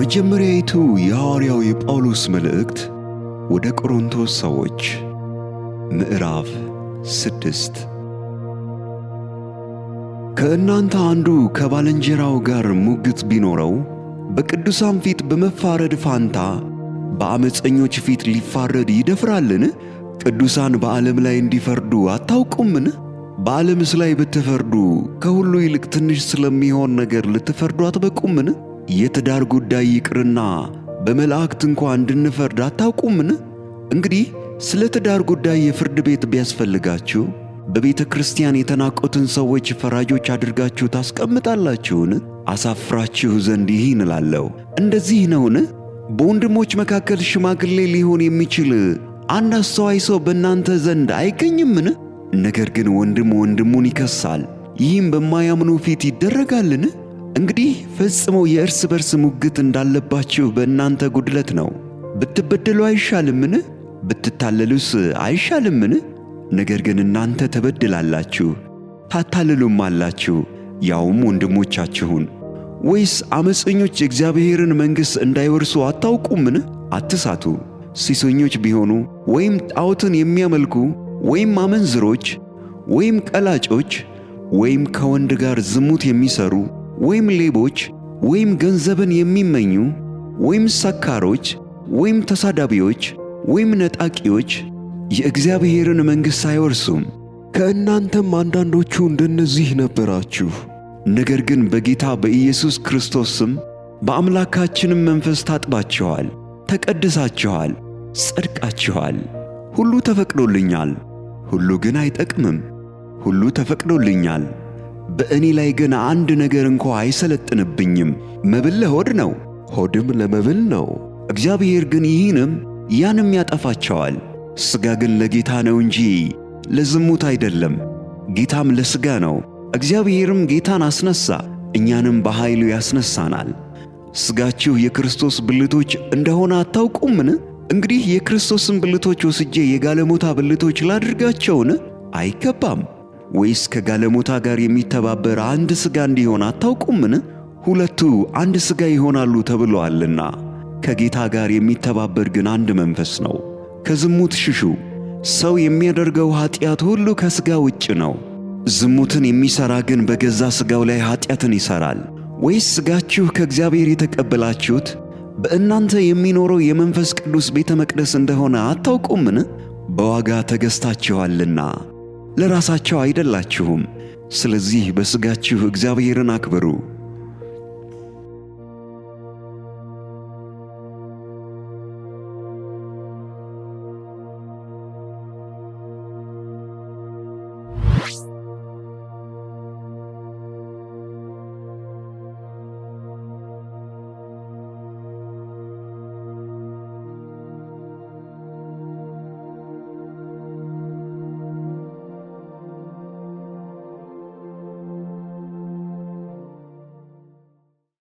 የመጀመሪያይቱ የሐዋርያው የጳውሎስ መልእክት ወደ ቆሮንቶስ ሰዎች ምዕራፍ ስድስት ከእናንተ አንዱ ከባልንጀራው ጋር ሙግት ቢኖረው በቅዱሳን ፊት በመፋረድ ፋንታ በአመፀኞች ፊት ሊፋረድ ይደፍራልን? ቅዱሳን በዓለም ላይ እንዲፈርዱ አታውቁምን? በዓለምስ ላይ ብትፈርዱ ከሁሉ ይልቅ ትንሽ ስለሚሆን ነገር ልትፈርዱ አትበቁምን? የትዳር ጉዳይ ይቅርና በመላእክት እንኳ እንድንፈርድ አታውቁምን? እንግዲህ ስለ ትዳር ጉዳይ የፍርድ ቤት ቢያስፈልጋችሁ በቤተ ክርስቲያን የተናቁትን ሰዎች ፈራጆች አድርጋችሁ ታስቀምጣላችሁን? አሳፍራችሁ ዘንድ ይህ እንላለሁ። እንደዚህ ነውን? በወንድሞች መካከል ሽማግሌ ሊሆን የሚችል አንድ አስተዋይ ሰው በእናንተ ዘንድ አይገኝምን? ነገር ግን ወንድም ወንድሙን ይከሳል፤ ይህም በማያምኑ ፊት ይደረጋልን? እንግዲህ ፈጽሞ የእርስ በርስ ሙግት እንዳለባችሁ በእናንተ ጉድለት ነው። ብትበደሉ አይሻልምን? ብትታለሉስ አይሻልምን? ነገር ግን እናንተ ተበድላላችሁ ታታልሉም አላችሁ፣ ያውም ወንድሞቻችሁን። ወይስ ዓመፀኞች የእግዚአብሔርን መንግሥት እንዳይወርሱ አታውቁምን? አትሳቱ። ሴሰኞች ቢሆኑ ወይም ጣዖትን የሚያመልኩ ወይም አመንዝሮች ወይም ቀላጮች ወይም ከወንድ ጋር ዝሙት የሚሠሩ ወይም ሌቦች ወይም ገንዘብን የሚመኙ ወይም ሰካሮች ወይም ተሳዳቢዎች ወይም ነጣቂዎች የእግዚአብሔርን መንግሥት አይወርሱም። ከእናንተም አንዳንዶቹ እንደነዚህ ነበራችሁ። ነገር ግን በጌታ በኢየሱስ ክርስቶስ ስም በአምላካችንም መንፈስ ታጥባችኋል፣ ተቀድሳችኋል፣ ጸድቃችኋል። ሁሉ ተፈቅዶልኛል፣ ሁሉ ግን አይጠቅምም። ሁሉ ተፈቅዶልኛል በእኔ ላይ ግን አንድ ነገር እንኳ አይሰለጥንብኝም። መብል ለሆድ ነው፣ ሆድም ለመብል ነው። እግዚአብሔር ግን ይህንም ያንም ያጠፋቸዋል። ሥጋ ግን ለጌታ ነው እንጂ ለዝሙት አይደለም፣ ጌታም ለሥጋ ነው። እግዚአብሔርም ጌታን አስነሣ፣ እኛንም በኃይሉ ያስነሣናል። ሥጋችሁ የክርስቶስ ብልቶች እንደሆነ አታውቁምን? እንግዲህ የክርስቶስን ብልቶች ወስጄ የጋለሞታ ብልቶች ላድርጋቸውን? አይገባም። ወይስ ከጋለሞታ ጋር የሚተባበር አንድ ሥጋ እንዲሆን አታውቁምን? ሁለቱ አንድ ሥጋ ይሆናሉ ተብለዋልና። ከጌታ ጋር የሚተባበር ግን አንድ መንፈስ ነው። ከዝሙት ሽሹ። ሰው የሚያደርገው ኀጢአት ሁሉ ከሥጋ ውጭ ነው። ዝሙትን የሚሠራ ግን በገዛ ሥጋው ላይ ኀጢአትን ይሠራል። ወይስ ሥጋችሁ ከእግዚአብሔር የተቀበላችሁት በእናንተ የሚኖረው የመንፈስ ቅዱስ ቤተ መቅደስ እንደሆነ አታውቁምን? በዋጋ ተገዝታችኋልና ለራሳቸው አይደላችሁም። ስለዚህ በሥጋችሁ እግዚአብሔርን አክብሩ።